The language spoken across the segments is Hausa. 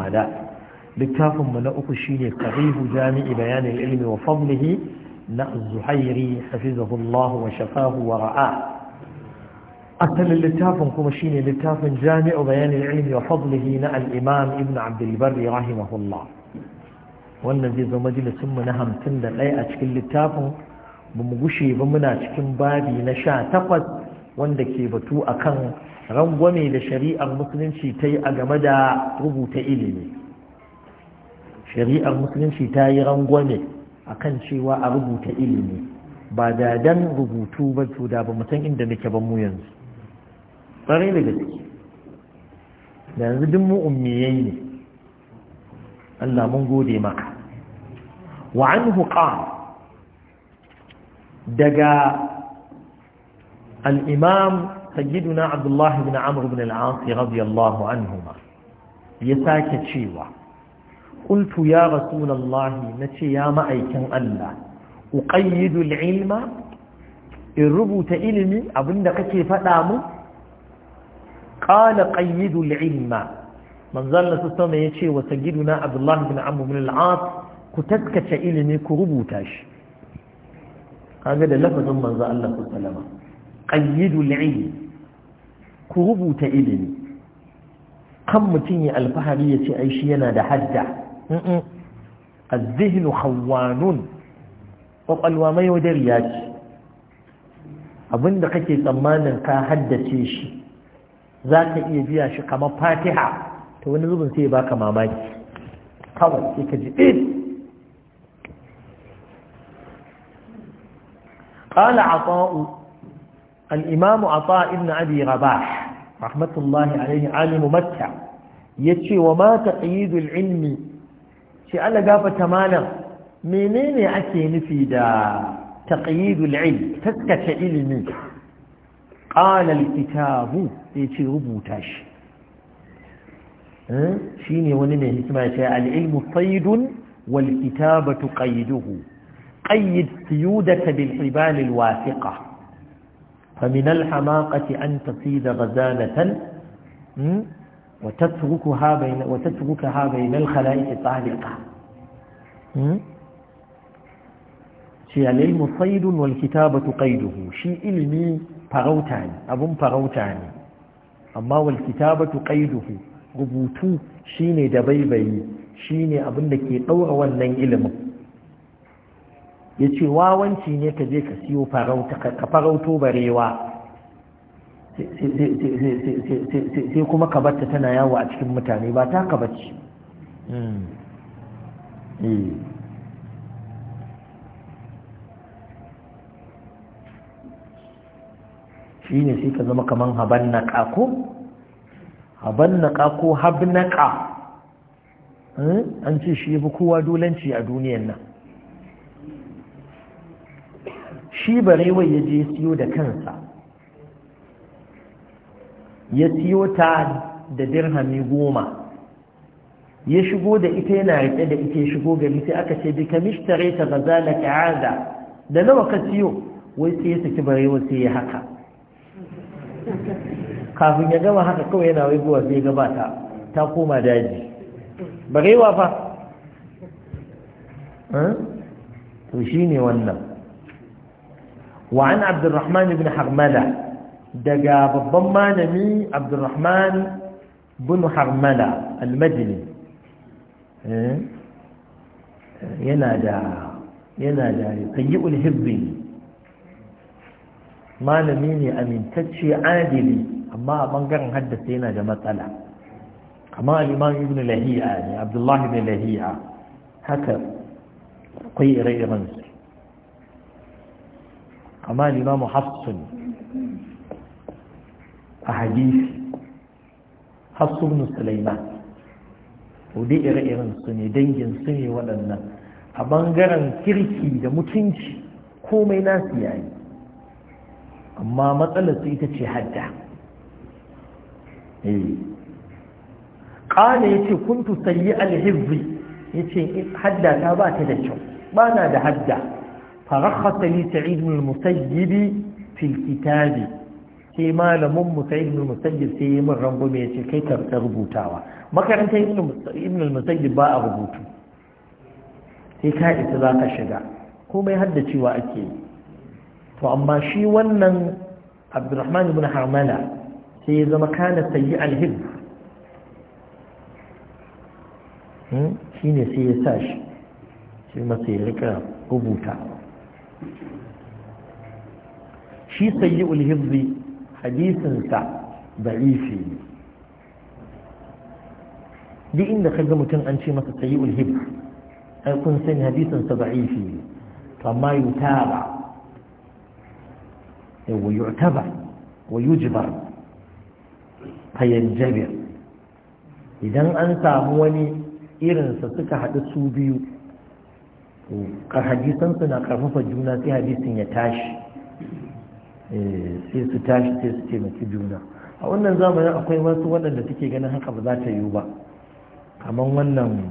الشهداء لكاف من أكشيني صحيح جامع بيان العلم وفضله نأ الزحيري حفظه الله وشفاه ورعاه أسل اللتاف كمشيني لتاف جامع بيان العلم وفضله نأ الإمام ابن عبد البر رحمه الله والذي ذو مجلس منهم تندى لا أشكل لتاف بمقشي بمنا أشكل بابي نشا تقد وندكي بتوء أكن rangwame da shari'ar musulunci ta yi a game da rubuta ilimi shari'ar musulunci ta yi rangwame a kan cewa a rubuta ilimi ba da dan rubutu ba to da ba mutum inda muke ban mu yanzu tsare da gaske da yanzu duk mu ummiyai ne Allah mun gode maka wa anhu daga al-imam سيدنا عبد الله بن عمرو بن العاص رضي الله عنهما يساك تشيوا قلت يا رسول الله نتي يا مأيكن الله أقيد العلم الربوت إلمي أبندك كيف أدامه قال قيد العلم من ظل سسما يشي وسجدنا عبد الله بن عمرو بن العاص كتسكت إلمي كربوتاش هذا لفظ من ظل الله سسما قيد العلم ku rubuta ilimi kan mutum ya alfahari ya ce aishi yana da hadda zihinu hawanun kwakwalwa mai wajen ce abinda kake tsammanin ka haddace shi za ka iya biya shi kamar fatiha ta wani zubin sai baka mamaki kawai sai ka ji ɗin قال عطاء al’imamu a fa’in na abi raba rahmatullahi alayhi alimu matta ya ce wa mata ƙayidul ilmi ce ala gafata mana menene ake nufi da taƙayidul ilmi taskace ilimi ƙanar kitabu ya rubuta shi shi ne wani mai hikima ce al’ilmu faidun wal kitabatu ƙayiduhu ƙayid fiye da tabi'ibalin wasiƙa فمن الحماقة أن تصيد غزالة وتتركها بين, وتتركها بين الخلائق طالقة شيء العلم صيد والكتابة قيده شيء علمي فغوتاني أبن فغوتاني أما والكتابة قيده rubutu shine da baibayi shine abin da ke ɗaura wannan ilimin ya ce wawanci ne ka je ka siyo ka farauto barewa sai kuma ka batta tana yawo a cikin mutane ba ta ka bacci hmm. eh. shi ne sai ka zama kamar haban naƙa ko haban naƙa ko habnaƙa hmm? an ce shi ya fi kowa dolanci a duniyan nan shi barewa ya je siyo da kansa ya siyo ta da dirhami goma ya shigo da ita yana riƙe da ita ya shigo gari sai aka ce bi kamishtare ta da ka'ada da nawa ka siyo wai sai ya saki barewa sai ya haka kafin ya gama haka kawai yana waigowa sai ya gabata ta koma daji barewa fa to shi ne wannan وعن عبد الرحمن بن حرملة دقى بالضمان من عبد الرحمن بن حرملة المدني إيه؟ ينادى ينادى يقيئ الهب ما لميني أمين تتشي عادلي أما منقر هدثينا ينادى طلع أما الإمام ابن لهيئة يعني عبد الله بن لهيئة هكذا قيئ رئي منزل amma limamu hafsun a hadisi hafsun musulaiman wadda ire-iren su ne dangin su ne waɗannan a ɓangaren kirki da mutunci komai nasu yayi amma matsalar su ita ce hadda ƙana ya ce kuntu sayi alhizri ya ce hadda ta ba ta da kyau ba na da hadda فرخص لي سعيد بن المسيب في sai malamin mu sai ibn sai yi min rangume ya ce kai ka rubutawa makarantar ibn musayyib ba a rubutu sai ka isa za ka shiga komai haddacewa ake yi to amma shi wannan abdurrahman ibn harmala sai ya zama kana sayi alhib hmm? shi ne sai yasa shi sai masa ya rika rubuta shi sayi ulhibzi hadisinsa da'ifi ne duk inda ka ga mutum an ce masa sayi ulhib ai kun sani hadisinsa da'ifi ne to amma yutaba wa yu'taba wa yujbar fayanjabir idan an samu wani irinsa suka haɗu su biyu kar hadisan suna karfafa juna sai hadisin ya tashi eh, sai su tashi sai su taimaki juna a wannan zamanin akwai wasu waɗanda suke ganin haka ba za ta yiwu ba kamar wannan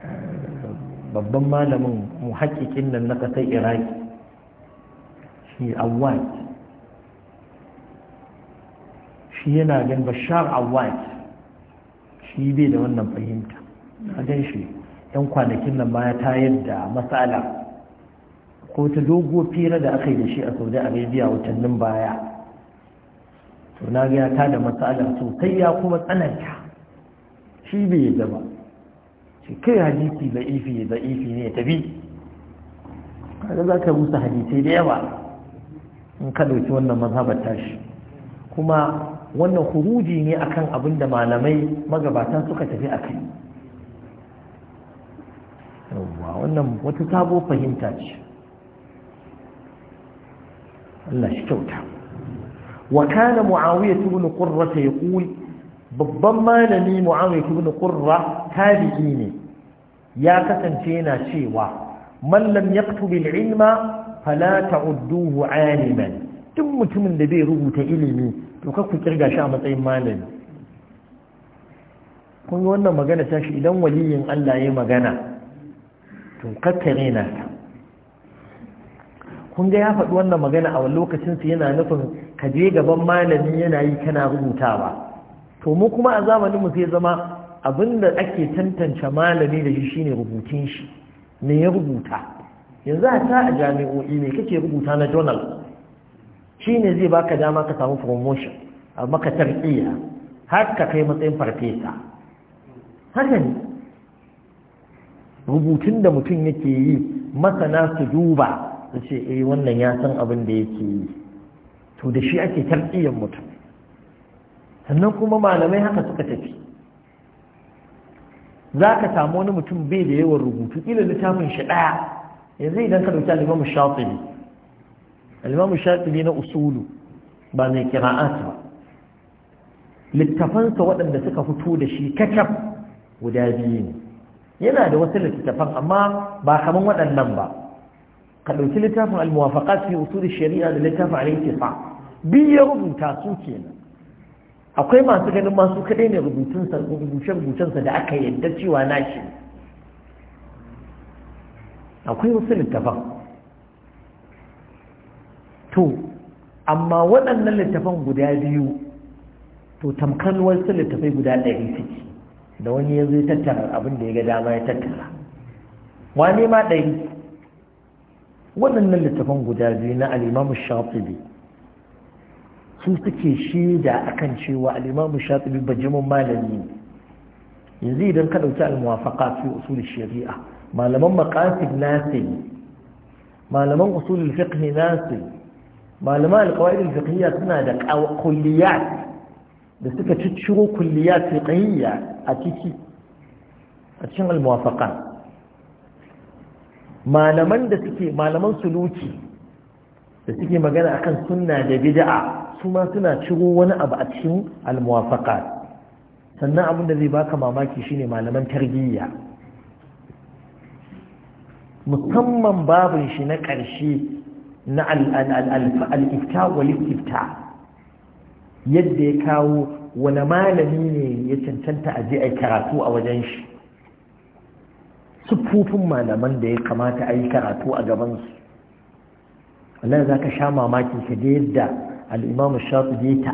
eh, babban malamin muhakkikin nan na ƙasar iraki shi awad shi yana gan bashar awad shi bai da wannan fahimta a shi 'yan kwanakin nan ma ya tayar da matsala ko ta dogo fira da aka yi da shi a saudi arabia watannin baya to na ga ya da matsala sosai ya kuma tsananta shi bai yi zama shi kai hadisi da ifi da ifi ne tafi kada za ka rusa hadisai da yawa in ka ɗauki wannan mazhabar tashi kuma wannan huruji ne akan abin da malamai magabatan suka tafi a kai yawwa wannan wata sabo fahimta ce Allah shi kyauta wa kana muawiya ibn qurra yaqul babban malami muawiya ibn qurra tabi'i ne ya kasance yana cewa man lam yaktub al-ilma fala ta'udduhu 'aliman duk mutumin da bai rubuta ilimi to ka ku kirga shi a matsayin malami kun yi wannan magana ta shi idan waliyin Allah ya magana to kakkare na ta kun ga ya faɗi wannan magana a wani su yana nufin ka je gaban malami yana yi kana rubutawa to mu kuma a zamanin mu sai zama abinda ake tantance malami da shi shine rubutun shi me ya rubuta yanzu a ta a jami'o'i ne kake rubuta na journal shine zai baka dama ka samu promotion a maka har ka kai matsayin farfesa haka ne rubutun da mutum yake yi masana su duba su ce eh wannan ya san abin da yake yi to da shi ake tarbiyyar mutum sannan kuma malamai haka suka tafi za ka samu wani mutum bai da yawan rubutu ila littafin shi ɗaya yanzu idan ka ɗauki alimamu shafili alimamu shafili na usulu ba mai kira'at ba littafansa waɗanda suka fito da shi kacaf guda biyu ne yana da wasu littattafan amma ba kaman waɗannan ba ka ɗauki littafin almuwafaka muwafaqat fi da shari'a da littafin al fa bi ya rubuta su kenan akwai masu ganin masu kaɗai ne rubutun sa rubuce sa da aka yadda cewa nashi akwai wasu littafan to amma waɗannan littafan guda biyu to tamkar wasu littafai guda ɗari suke da wani ya zai tattara abin da ya ga dama ya tattara wani ma ɗai waɗannan littafan guda biyu na alimamu shafi su suke a akan cewa alimamu ba bajimin malami yanzu idan ka ɗauki almuwafaka fi usul shari'a malaman na sai malaman usul fiqh sai malaman Alƙawarin alfiqhiyya suna da kulliyat da suka cicciro kulliya fiqhiyya a ciki a cikin al malaman da suke malaman suluki da suke magana akan sunna da bid'a su ma suna ciro wani abu a cikin almuwafaƙa sannan abin da zai baka mamaki shine malaman tarbiyya musamman babin shi na ƙarshe na al'ifta ifta wal yadda ya kawo wani malami ne ya cancanta a je a karatu a wajen shi siffofin malaman da ya kamata a yi karatu a gabansu Allah za ka sha mamaki ka da yadda al'imamu shafi je ta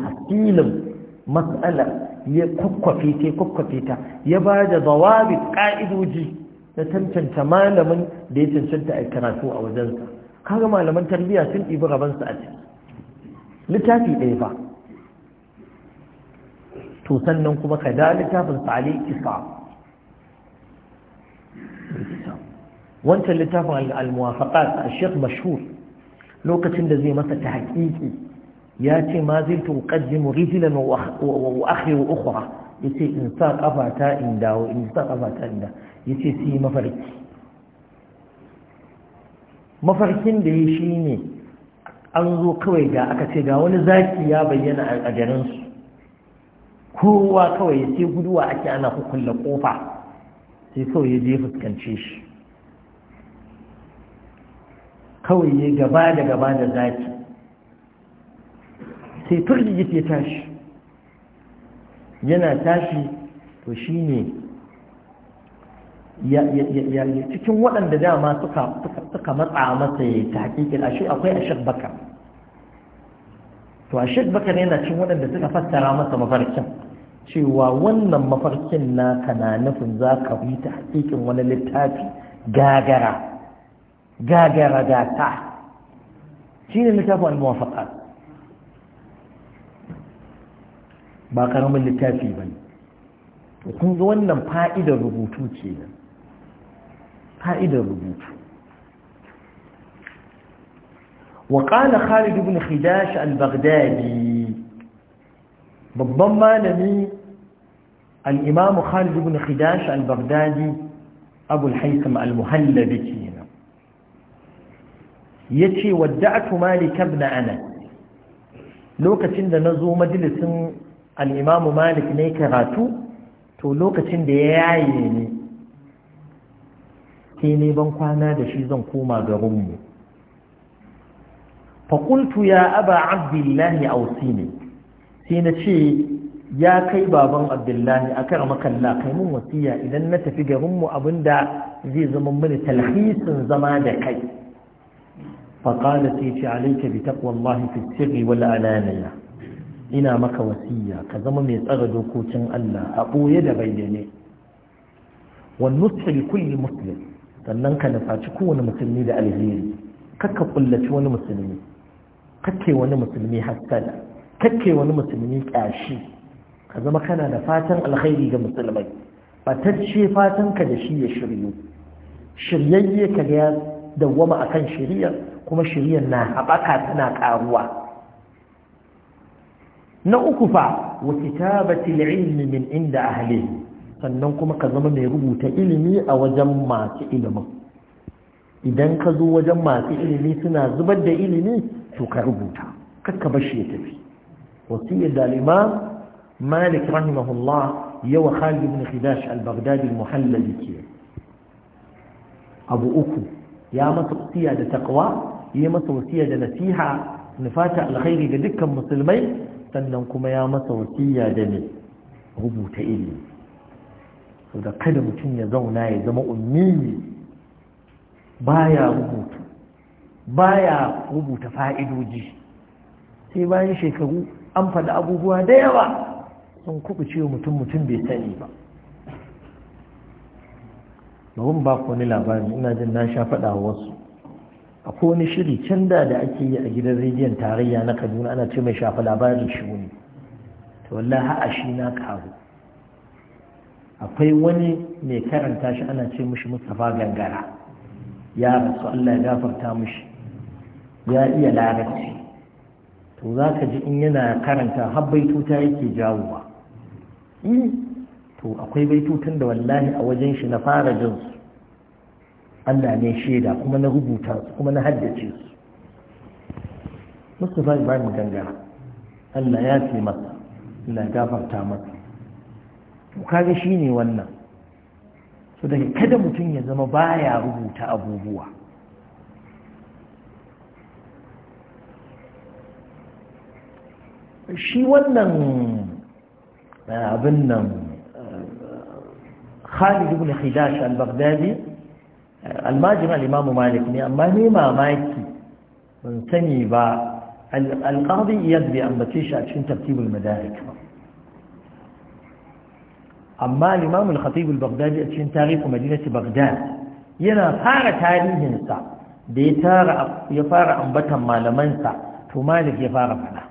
matsalar ya kwakwafe ta kwakwafe ta ya ba da zawabi ƙa'idoji na cancanta malamin da ya cancanta a karatu a wajensa kaga malaman tarbiyya sun ɗibi rabansu a ciki littafi ɗaya ba to sannan kuma ka da littafin sa a kisa wancan littafin al-muwafaqat a sheikh mashhur lokacin da zai masa ta haƙiƙi ya ce ma zai to qaddimu rijlan wa akhiru ukhra yace in sa kafata in dawo in sa kafata in da yace sai mafarki mafarkin da ya shi ne an zo kawai ga aka ce ga wani zaki ya bayyana a garinsu kowa kawai ya ce guduwa ake ana kukulla kofa sai kawai ya je fuskance shi kawai ya gaba da gaba da zaki sai turgigit ya tashi yana tashi to shi ne cikin waɗanda dama suka matsa masa ya ta a shi akwai ashir baka to ashir baka ne yana cikin waɗanda suka fassara masa mafarkin cewa wannan mafarkin naka na nufin za ka bi ta hakikin wani littafi gagara gagara gata shi ne littafin al-muwafaqat ba karamin littafi ba ne kun ga wannan fa'idar rubutu ce nan fa'idar rubutu وقال خالد بن خداش البغدادي babban malami al'imamu khalid ibn khidash al-baghdadi abul haikam al-muhallabi kenan ya ce wadda'atu malik ibn anas lokacin da na zo majalisin al'imamu malik ne karatu to lokacin da ya yaye ne sai ne ban kwana da shi zan koma garinmu faƙultu ya aba abdullahi ausini sai na ce ya kai baban abdullahi a kan makalla kai mun wasiya idan na tafi garinmu da zai zama mini talhisin zama da kai faƙala sai ce alaika bi Allah fi sirri wal alaniya ina maka wasiya ka zama mai tsara dokokin Allah a boye da bayyane wa nusu li kulli muslim sannan ka nufaci kowane musulmi da alheri kakka kullaci wani musulmi kake wani musulmi hassada kake wani musulmi ƙyashi ka zama kana da fatan alkhairi ga musulmai ce fatan ka da shi ya shiryu shiryayye ka ga ya dawwama akan shirya kuma shiriyar na haɓaka tana ƙaruwa na uku fa wa kitabatil ilmi min inda ahli sannan kuma ka zama mai rubuta ilimi a wajen masu ilimin idan ka zo wajen masu ilimi suna zubar da ilimi to ka rubuta kakka bashi ya tafi Wasu da al'imam malik rahimahullah yawa khalid ibn khidash al-baghdadi al-muhallali ke abu uku ya masa wasiya da taqwa ya masa wasiya da nasiha nufata alkhairi ga dukkan musulmai sannan kuma ya masa wasiya da ne rubuta ilimi saboda kada mutum ya zauna ya zama ummi baya rubuta fa'idodi, sai bayan shekaru an faɗi abubuwa da yawa sun kuɓu cewa mutum mutum bai sani ba bawon ba ku wani labari ina jin na sha faɗa wasu ko wani shiri can da da ake yi a gidan rediyon tarayya na kaduna ana ce mai shafa labarin shi wuni to wallahi ha'a shi na karu akwai wani mai karanta shi ana ce mushi mustapha gangara ya rasu allah ya gafarta mushi. ya iya larabci to za ka ji in yana karanta tuta yake jawowa to akwai baitutun da wallahi a wajen shi na fara jin su Allah ne shaida kuma na rubuta su kuma na haddace su Mustafa Ibrahim Ganga Allah ya ce masa Allah gafarta masa to kaga shine wannan so daga kada mutum ya zama baya rubuta abubuwa shi wannan أظن خالد بن خداش البغدادي الماجم الامام مالك ني يعني اما ني ما مايكي سني با القاضي يدبي ان بتيش عشان ترتيب المدارك اما الامام الخطيب البغدادي عشان تاريخ مدينه بغداد ينا فار تاريخنسا دي تار يفار ان بتن ما تو مالك يفار فلا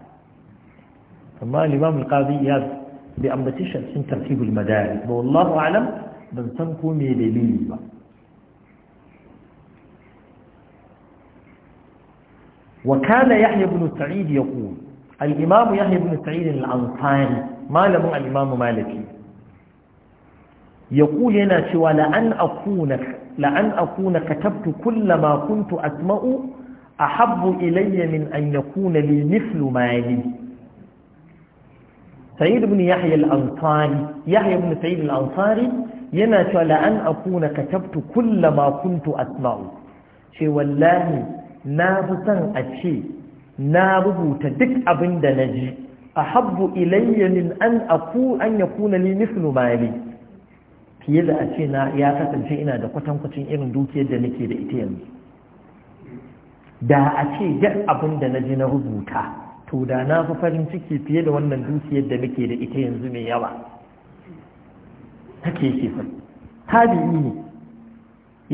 ثم الامام القاضي يدبي بأمبتيشن ambace ترتيب المدارس والله أعلم بل wallahu alam وكان يحيى بن سعيد يقول الإمام يحيى بن سعيد الأنصاري ما لم الإمام مالكي يقول هنا شوى لأن أكون, لأن أكون كتبت كل ما كنت أسمع أحب إلي من أن يكون لي مثل مالي Sayyid ibn Yahya al-Ansari Yahya ibn Sayyid al-Ansari yana cewa la'an akuna katabtu kulla kuntu asma'u ce na bi san a ce na rubuta duk abinda da na ji ahabbu ilayya min an aku an yakuna li mislu mali a ce ya kasance ina da kwatankwacin irin dukiyar da nake da ita yanzu da a ce duk abin da na ji na rubuta to da na fi farin ciki fiye da wannan dukiyar da muke da ita yanzu mai yawa take yake fa tabi'i ne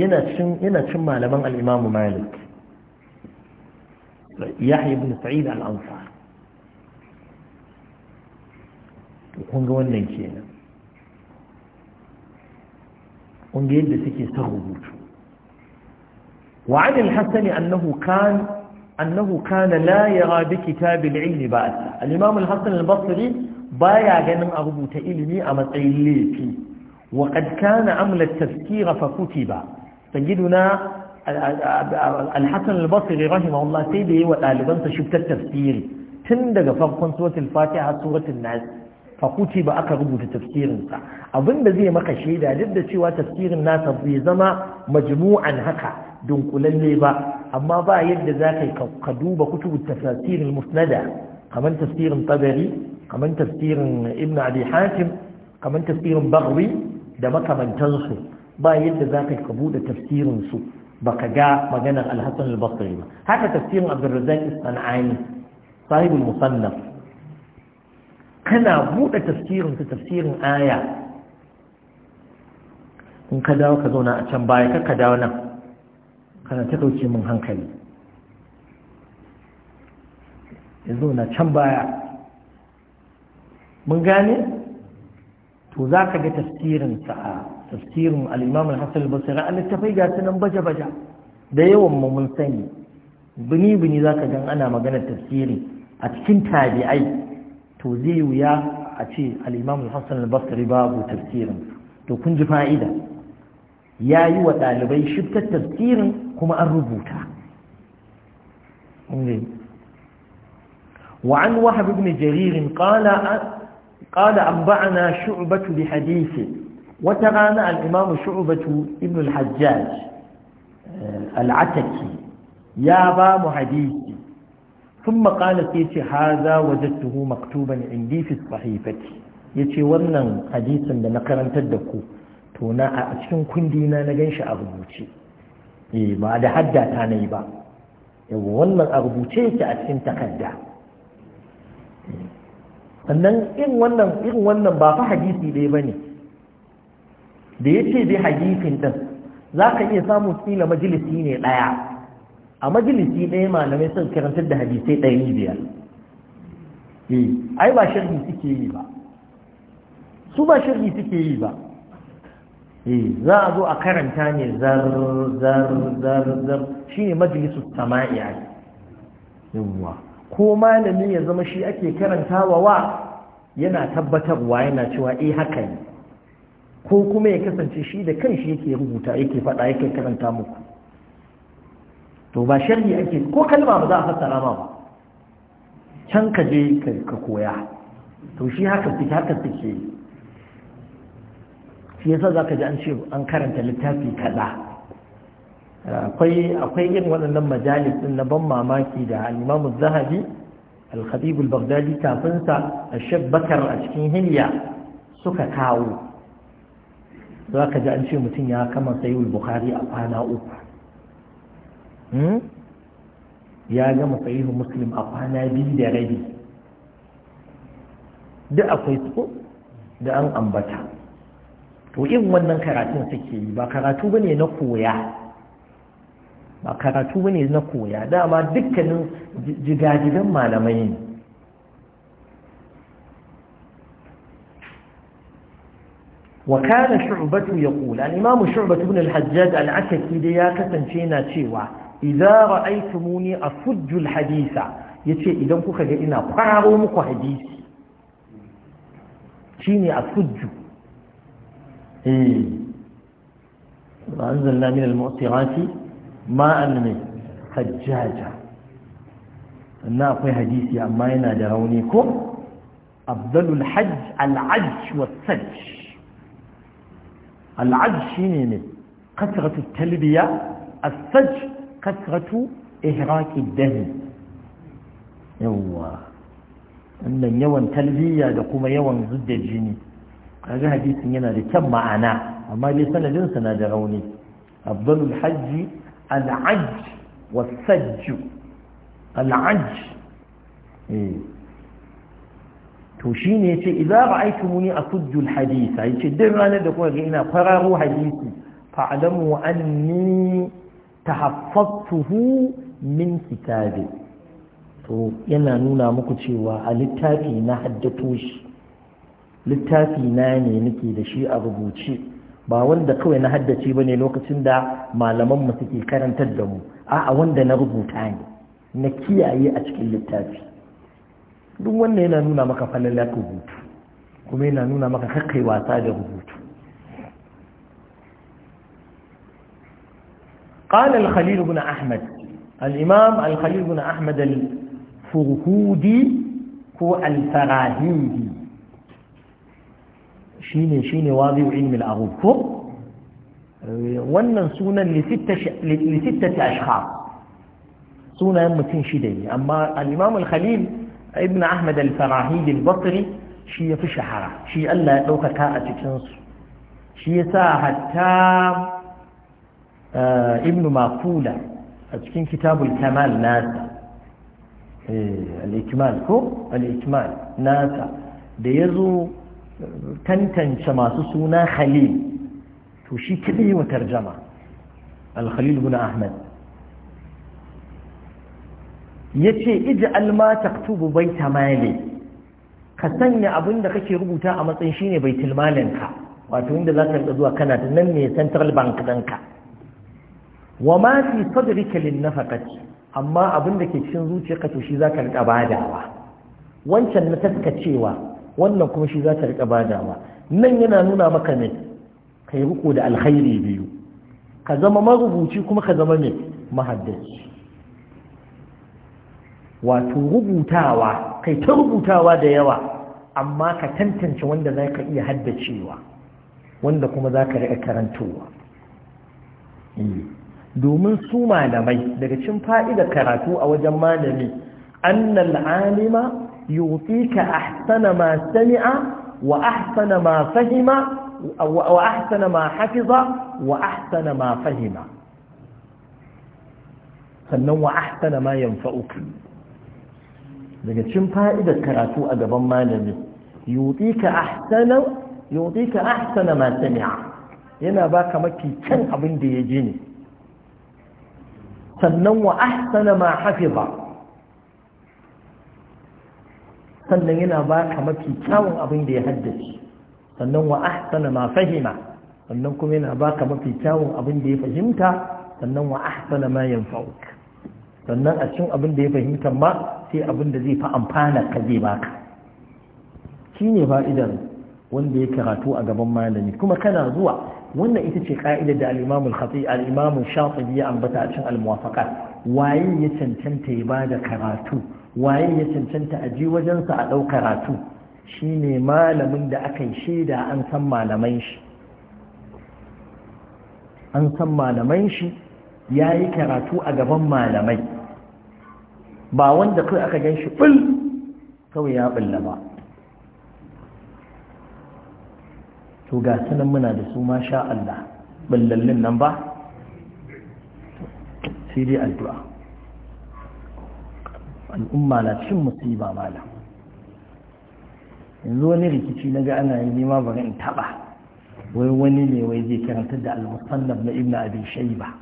yana cin yana cin malaman al-Imam Malik Yahya ibn Sa'id al ansar kun ga wannan kenan kun ga yadda suke sa rubutu وعن الحسن annahu kan. annahu kana la rabi kitabil ilmi ba al-imam al-hasan al-basri baya ganin a rubuta ilimi a matsayin laifi wa qad kana amla at-tafkira fa kutiba sayyiduna al-hasan al-basri sai da yi wa ɗalibansa shubtar tafsiri tun daga farkon suratul fatiha har suratul nas fa kutiba aka rubuta tafsirinsa. Abin da zai maka shaida duk da cewa tafsirin nasa bai zama majmu'an haka dunkulalle ba amma ba yadda za ka ka duba kutubut tafsir al-musnada kaman tafsirin tabari kaman tafsirin ibn abi hatim kaman tafsirin baghawi da makamantansu ba yadda za ka ka bude tafsirin su baka ga maganar al-hasan al-basri ba haka tafsirin abdurrazzaq as-sanani sahib al-musannaf kana bude tafsirin ta tafsirin aya in ka dawo ka zauna a can baya ka dawo nan kana ta ɗauke min hankali ya na can baya mun gane to za ka ga tafsirinsa a tafsirin al'imamun hassan basira an littafai ga sunan baje-baje da yawan mu mun sani bini-bini za ka gan ana maganar tafsiri a cikin tabi'ai to zai wuya a ce al'imamun hassan basiri babu tafsirin to kun ji fa'ida ya yi wa ɗalibai shifta tafsirin kuma an rubuta وعن وهب بن جرير قال قال أنبعنا شعبة بحديثه وتغانى الإمام شعبة ابن الحجاج العتكي يا بام حديثي ثم قال سيتي هذا وجدته مكتوبا عندي في الصحيفة يتي ورنا حديثا لنقرن تدكو تونا أشن كندينا نجنش أغبوتي eh ba da hadda ta yi ba yawa wannan a rubuce yake a cikin takarda sannan irin wannan irin wannan ba fa hadisi dai bane da yace dai hadisin din zaka iya samu tsila majalisi ne daya a majalisi ɗaya malamai sun karantar da hadisai ɗari biyar eh, ai ba sharhi suke yi ba su ba sharhi suke yi ba Eh, za a zo a karanta ne zar zar zar zar shi ne majalisun sama'iya a yawwa ko malami ya zama shi ake karantawa wa yana tabbatarwa yana cewa eh haka ne ko kuma ya kasance shi da kan shi yake rubuta yake faɗa yake karanta muku to ba sharhi ake ko kalma ba za a fassara ma ba can ka je ka koya to shi haka suke haka suke shi yasa za ka ji an ce an karanta littafi kaza akwai yin waɗannan majalis ɗin na ban mamaki da al zahabi al-khatib baghdadi kafin sa ashab a cikin hilya suka kawo za ka ji an ce mutum ya kama sayyul bukhari a kwana uku hmm? ya gama sahihu muslim a kwana biyu da rabi duk akwai su da an ambata to in wannan karatun suke yi ba karatu ba ne na koya ba karatu ba ne na koya dama dukkanin jigajigan malamai ne وكان شعبة يقول الإمام شعبة بن الحجاج العتكي دي كتنشينا شيوا إذا رأيتموني أصج الحديث يتشي إذا كوكا إنا قرارو مكو حديث شيني أصجو إيه. وأنزلنا من المؤثرات ما أنمي حجاجة أنا أقول حديثي أما ينا درونيكم أفضل الحج العج والسج العج شيني كثرة التلبية السج كثرة إهراك الدم يوه أن يوان تلبية دقوم يوان ضد الجنين kaga hadisin yana da kyan ma'ana amma dai sanadin sa na da rauni afdalul hajji al-ajj wa sajj al-ajj eh to shine yace idza ra'aytumuni asujju al-hadith yace duk ranar da kuka ga ina kwararo hadisi fa'lamu anni tahaffaztuhu min kitabi to yana nuna muku cewa a littafi na haddato shi littafi na ne nake da shi a rubuce ba wanda kawai na haddace ba ne lokacin da malamanmu suke karantar da mu a'a wanda na rubuta ne na kiyaye a cikin littafi duk wannan yana nuna maka falalar rubutu kuma yana nuna maka kakkai wasa da rubutu قال الخليل بن أحمد الإمام الخليل بن أحمد الفرهودي هو الفراهيدي shine shine wazi ilmi al-aghub ko wannan sunan li sittati ashkhas sunayen mutum shida ne amma al-imam al-khalil ibn ahmad al-farahid al-basri shi yafi shahara shi Allah ya daukaka a cikin su shi yasa hatta ibn maqula a cikin kitabul kamal nasa al-ikmal ko al-ikmal nasa da yazo tantance masu suna khalil to shi kiɗi wa tarjama al-khalil ahmad yace iji ma taktubu baita ka sanya abin da kake rubuta a matsayin shine baitul ka. wato inda zaka rika zuwa kana da nan ne central bank ɗanka wa ma fi sadrika lin nafaqati amma abin da ke cikin zuciyarka to shi zaka rika badawa wancan na taskacewa wannan kuma shi za ta rika badawa nan yana nuna maka ne ka yi riko da alkhairi biyu ka zama marubuci kuma ka zama mai mahaddaci wato rubutawa kai ta rubutawa da yawa amma ka tantance wanda za ka iya haddacewa wanda kuma za ka riƙa karantowa eh, domin su malamai daga cin fa'ida karatu a wajen malami annal alima يعطيك أحسن ما سمع وأحسن ما فهم وأحسن ما حفظ وأحسن ما فهم sannan wa ahsana ma yanfa'uka daga cikin fa'idar karatu a gaban malami yutika ahsana yutika ahsana ma sami'a yana baka mafi kyan abin da ya ji ne sannan wa ahsana ma hafiza sannan yana ba ka mafi kyawun abin da ya haddace sannan wa ahsana ma fahima sannan kuma yana ba ka mafi kyawun abin da ya fahimta sannan wa ahsana ma yanfa'uk sannan a cikin abin da ya fahimta ma sai abin da zai fa amfana ka zai baka shine fa'idar wanda ya karatu a gaban malami kuma kana zuwa wannan ita ce ka'idar da al-Imam al-Khatibi al-Imam Shatibi ya ambata a cikin al-Muwafaqat waye ya cancanta ya bada karatu waye ya cancanta a ji wajensa a ɗau karatu shi ne malamin da aka yi shaida an san malaman shi an san malaman shi ya yi karatu a gaban malamai ba wanda kai aka gan shi ɓul kawai ya ɓulla ba to ga sunan muna da su masha Allah ɓullallin nan ba sai dai addu'a al'umma na cin musiba malam yanzu wani rikici na ga ana yi nema bari in taɓa wai wani ne wai zai karanta da al-musannaf na ibn abi shayba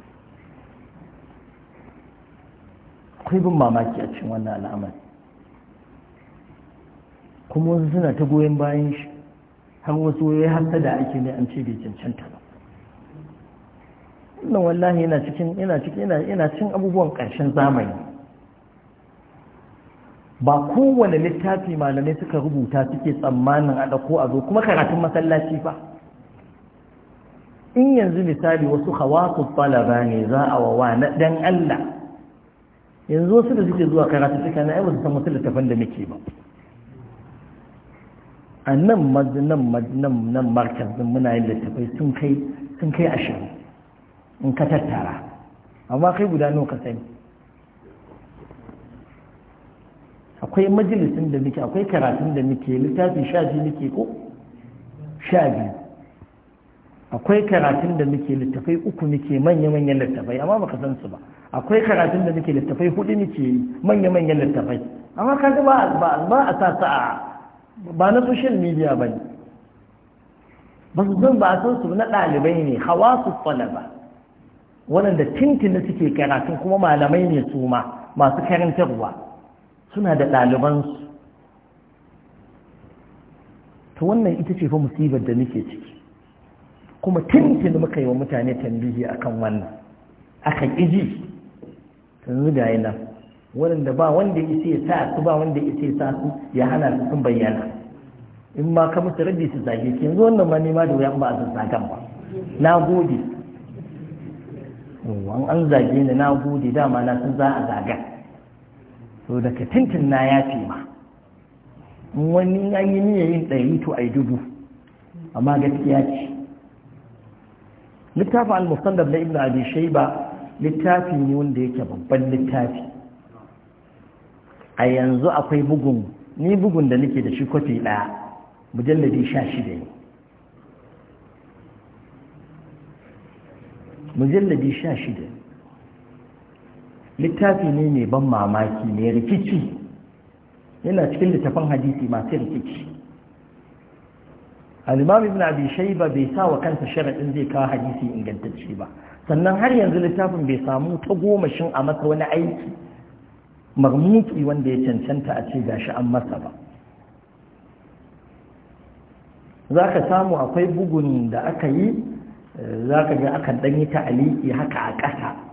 akwai bin mamaki a cikin wannan al'amari kuma wasu suna ta goyon bayan shi har wasu ya hasa da ake ne an ce bai cancanta ba wannan wallahi yana cikin yana cikin yana cin abubuwan ƙarshen zamani ba kowane littafi malamai suka rubuta suke tsammanin a ɗauko a zo kuma karatun masallaci ba in yanzu misali wasu hawasu falaba ne za a wawa na ɗan Allah yanzu wasu da suke zuwa karatun suka na aiwata san wasu littafan da muke ba a nan nan nan markazin muna yin littafai sun kai ashirin in ka tattara amma kai guda nawa ka sani akwai majalisin da muke akwai karatun da muke littafi sha biyu muke ko sha biyu akwai karatun da muke littafai uku muke manya-manyan littafai amma baka san su ba akwai karatun da muke littafai hudu muke manya-manyan littafai amma ka ga ba a sa a ba na social media ba ne ba su zan ba a san su na ɗalibai ne hawa su ba wadanda tintin suke karatun kuma malamai ne su ma masu karantarwa suna da ɗalibansu to wannan ita ce fa musibar da nake ciki kuma tuntun muka yi wa mutane tambihi akan wannan aka ƙiji yanzu ga yana waɗanda ba wanda ya sa su ba wanda ya sa su ya hana su sun bayyana in ma ka musu rabi su zage ki yanzu wannan ma nema da wuyan ba a san zagan ba na gode an zage ni na gode dama na sun za a zagan To daga tintin na ya ce ma In wani ya yi niyyar yin ɗari to a yi dubu amma gaskiya ce littafin al da na ibn abi shaiba littafi ne wanda yake babban littafi a yanzu akwai bugun ni bugun da nake da shi kwafi ɗaya mujalladi sha shida ne mujalladi sha shida littafi ne mai ban mamaki mai rikici yana cikin littafin hadisi masu rikici al-imam ibn abi shayba bai sa wa kansa sharadin zai kawo hadisi ingantacce ba sannan har yanzu littafin bai samu ta goma shin a masa wani aiki marmuki wanda ya cancanta a ce gashi an masa ba za ka samu akwai bugun da aka yi eh, za ka ga akan ɗanyi ta'aliki haka a ƙasa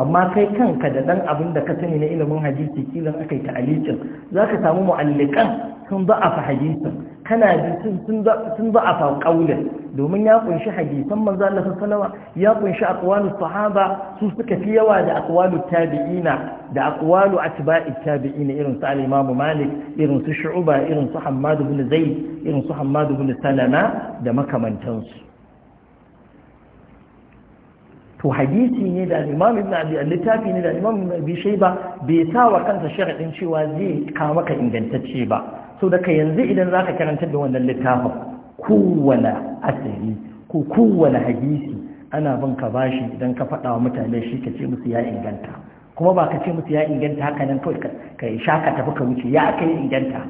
amma kai kanka da dan abin da ka sani na ilimin hadisi kilan akai ta alikin zaka samu mu'allikan sun za'afa hadisin kana ji sun za'afa da'afa domin ya kunshi hadisan manzo Allah sallallahu ya kunshi aqwalu sahaba su suka fi yawa da aqwalu tabi'ina da aqwalu atba'i tabi'ina irin su al Malik irin su Shu'ba irin su Hammad ibn Zaid irin su Hammad ibn Salama da makamantansu to hadisi ne da imam ibn abi littafi ne da imam ibn abi shayba bai sa wa kansa sharadin cewa zai kawo maka ingantacce ba so daga yanzu idan zaka karanta da wannan littafin kowane asiri ko kowane hadisi ana bin ka bashi idan ka faɗa wa mutane shi ka ce musu ya inganta kuma ba ka ce musu ya inganta haka nan kawai ka shaka tafi ka wuce ya aka yi inganta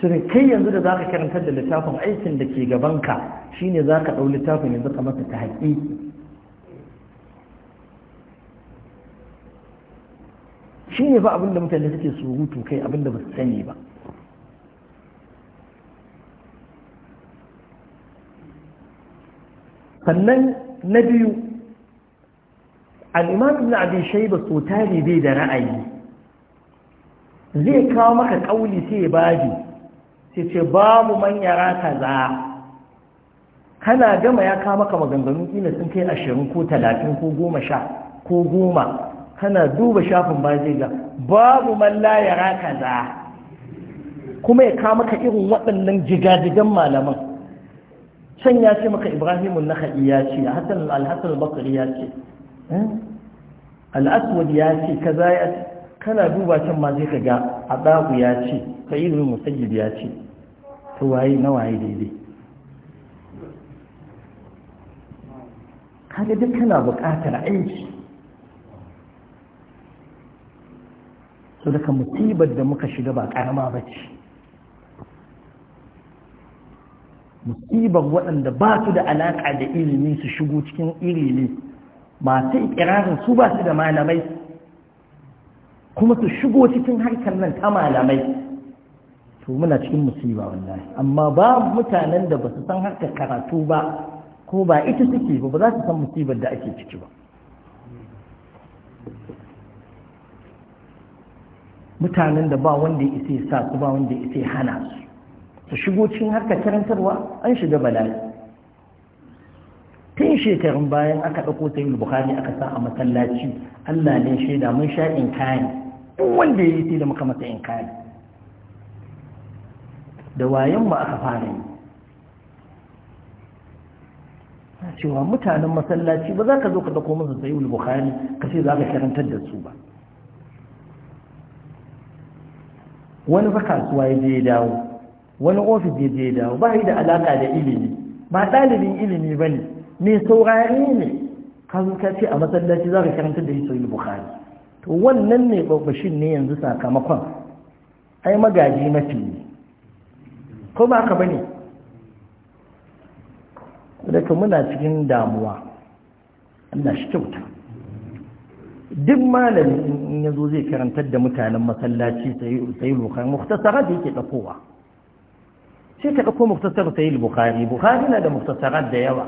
shirin kai yanzu da za ka karantar da littafin aikin da ke gabanka shine za ka ɗau littafin yanzu ka masa ta haƙiƙi shi ne fa abinda mutane suke surutu kai abinda ba su sani ba sannan na biyu al'imam ibn abin shaiba so tare bai da ra'ayi zai kawo maka ƙauli sai ya baji sai ce ba mu manyara kaza kana gama ya kama maka maganganu ina sun kai ashirin ko talatin ko goma sha ko goma kana duba shafin ba zai ga mu man layara kaza kuma ya kama maka irin waɗannan jigajigan malaman can ya ce maka ibrahimun na haɗi ya ce hassan al-hassan bakari ya ce eh? al-aswad ya ce kaza ya ce kana duba can ma zai ka ga ɗaku ya ce sa'ilu musayyib ya ce ta waye na waye daidai kaga duk kana buƙatar aiki so daga musibar da muka shiga ba ƙarama ba ce musibar waɗanda ba su da alaƙa da ilimi su shigo cikin ilimi masu ikirarin su ba su da malamai kuma su shigo cikin harkar nan ta malamai to muna cikin musiba wallahi amma ba mutanen da ba su san harka karatu ba ko ba ita suke ba ba za su san musibar da ake ciki ba mutanen da ba wanda ya isa ya sa su ba wanda ya isa ya hana su su shigo cikin harka karantarwa an shiga bala'i tun shekarun bayan aka ɗauko ta yi bukari aka sa a masallaci allah ne shaida mun sha in kayan duk wanda ya yi sai da muka masa in kayan da wayan mu aka fara yi cewa mutanen masallaci ba za ka zo ka dako musu sayi bukhari ka ce za ka karantar da su ba wani fa kasuwa ya je dawo wani ofis ya je ya dawo ba yi da alaka da ilimi ba ɗalibin ilimi ba ne saurari ne ka zo ka ce a masallaci za ka karantar da sayi bukhari to wannan ne babbashin ne yanzu sakamakon ai magaji mafi ne ko ba ka bane daga muna cikin damuwa Allah shi kyauta duk malami in ya zo zai karantar da mutanen masallaci sai lokar muktasara da yake ɗakowa sai ka ɗako muktasar sai bukari bukari na da muktasarar da yawa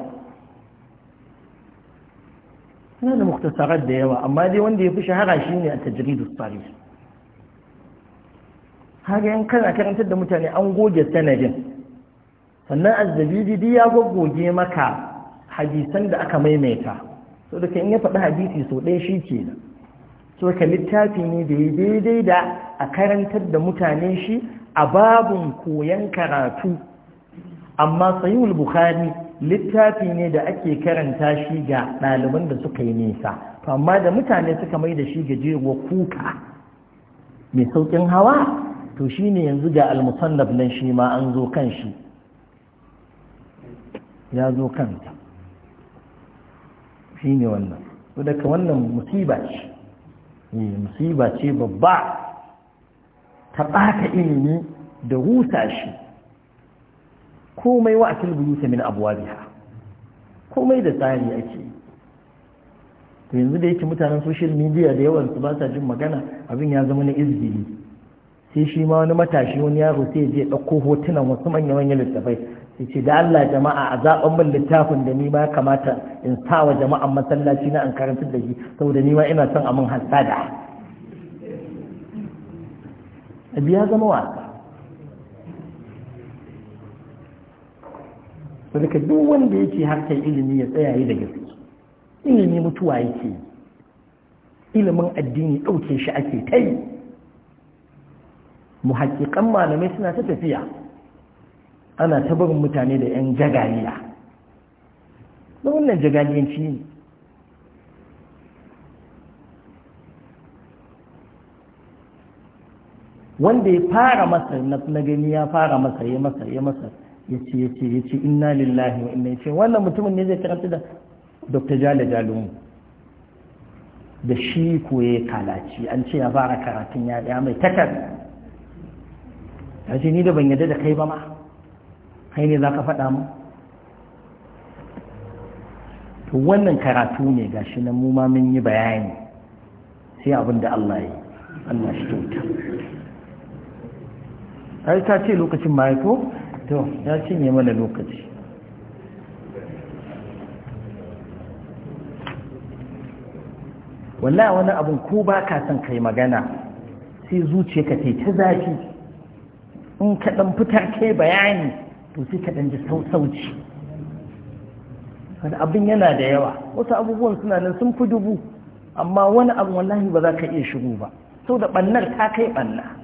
na da muktasarar da yawa amma dai wanda ya fi shahara shi ne a tajiridu tsari kaga in kana karantar da mutane an goge sanadin sannan azzabidi duk ya goggoge maka hadisan da aka maimaita so da in ya faɗi hadisi so ɗaya shi ke nan so ka littafi ne da daidai da a karantar da mutane shi a babun koyon karatu amma sayul bukhari littafi ne da ake karanta shi ga ɗaliban da suka yi nisa, to amma da mutane suka mai da shi ga jego kuka mai sauƙin hawa to shi ne yanzu ga al-musannaf nan shi ma an zo kan shi ya zo kanta ne wannan to daga wannan musiba ce eh, musiba ce babba ta baka ilimi da rusa shi komai wa akil buyuta min abwabiha komai da tsari ake to yanzu da yake mutanen social media da yawan su ba sa jin magana abin ya zama na izgiri sai shi ma wani matashi wani yaro sai je ɗauko hotunan wasu manya manyan littafai sai ce da Allah jama'a a zaɓen min littafin da ni ma kamata in sa wa jama'an masallaci na an karanta da shi saboda ni ma ina son a min hasada abi ya zama wasa saboda duk wanda yake harkar ilimi ya tsaya yi da gaske ilimi mutuwa yake ilimin addini ɗauke shi ake ta yi Mu muhaƙiƙan malamai suna ta tafiya ana ta barin mutane da 'yan jagaliya da wannan jagaliyanci ne wanda ya fara masa na gani ya fara masa ya masa ya masa ya ce ya ce ya ce inna lillahi wa inna ya ce wannan mutumin ne zai karanta da dr jale jalumu da shi koye kalaci an ce ya fara karatun ya mai takarda ya ce ni da ban yadda da kai ba ma kai ne za ka faɗa mu to wannan karatu ne gashi nan mu ma mun yi bayani sai abin da Allah ya yi Allah shi kyauta ai ta ce lokacin ma ko to ya cinye mana lokaci wallahi wani abu ko ba ka son kai magana sai zuciyarka ta ta zafi in kaɗan fitar ke bayani to sai ka ji sauci wani abin yana da yawa wasu abubuwan suna nan sun fi dubu amma wani abu wallahi ba za ka iya shigo ba sau da ɓannar ta kai ɓanna.